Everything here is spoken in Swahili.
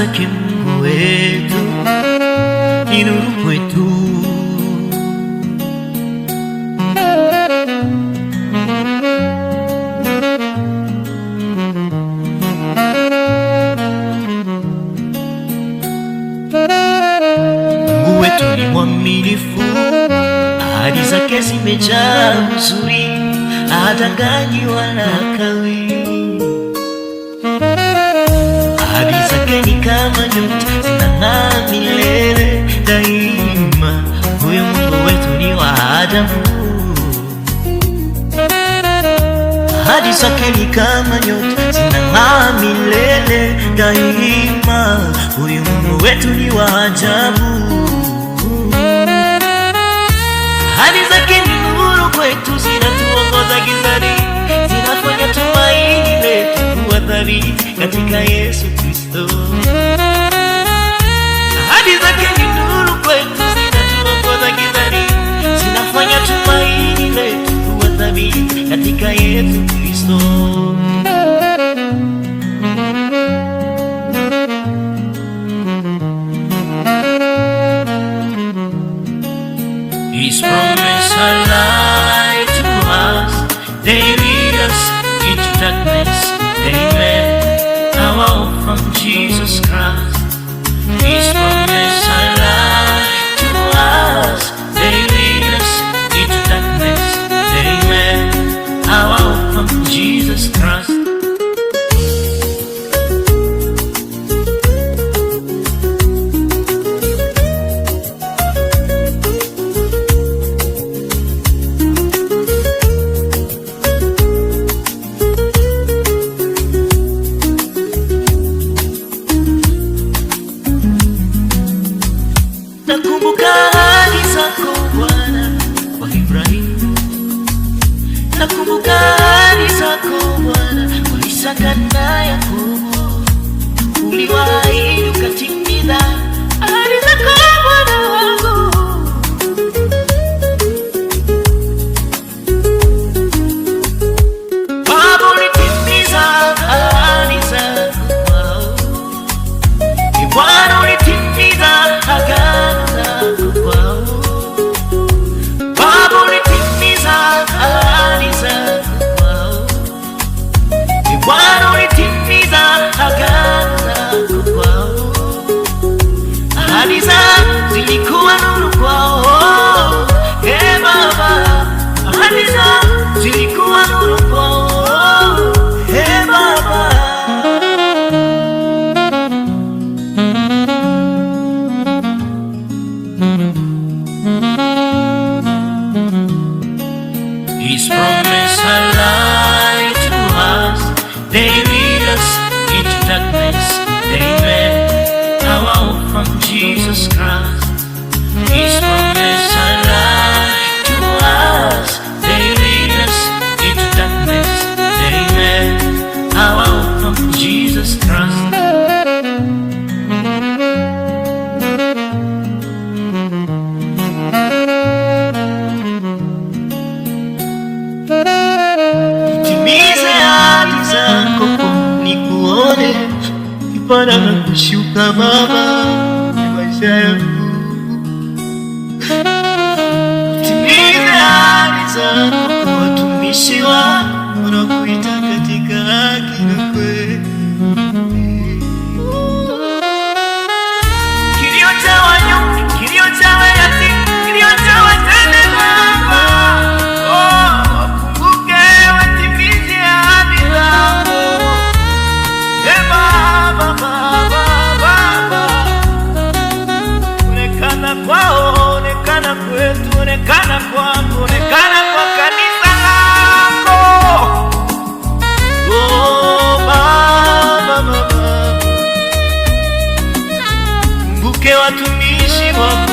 Maanake Mungu wetu ni nuru kwetu, mwaminifu, ahadi zake zimejaa uzuri, hadanganyi wala akawi na majuto na milele daima, huyu Mungu wetu ni wa ajabu, ahadi zake ni kama nyota zinang'aa milele daima, huyu Mungu wetu ni wa ajabu, ahadi zake ni nuru kwetu, zinatuongoza gizani, zinafanya tumaini letu kuwa thabiti mami, katika Yesu Kristo. His promise are light to us, they lead us into darkness, they Nakumbuka ahadi zako Bwana kwa Ibrahimu, nakumbuka ahadi zako Bwana kwa Isaka na Yakobo, uliwaahidi ukatimiza He's from Para na kushuka mama vai ser. kuonekana kwa kuonekana kwa kanisa lako oh, baba, baba mbuke watumishi wa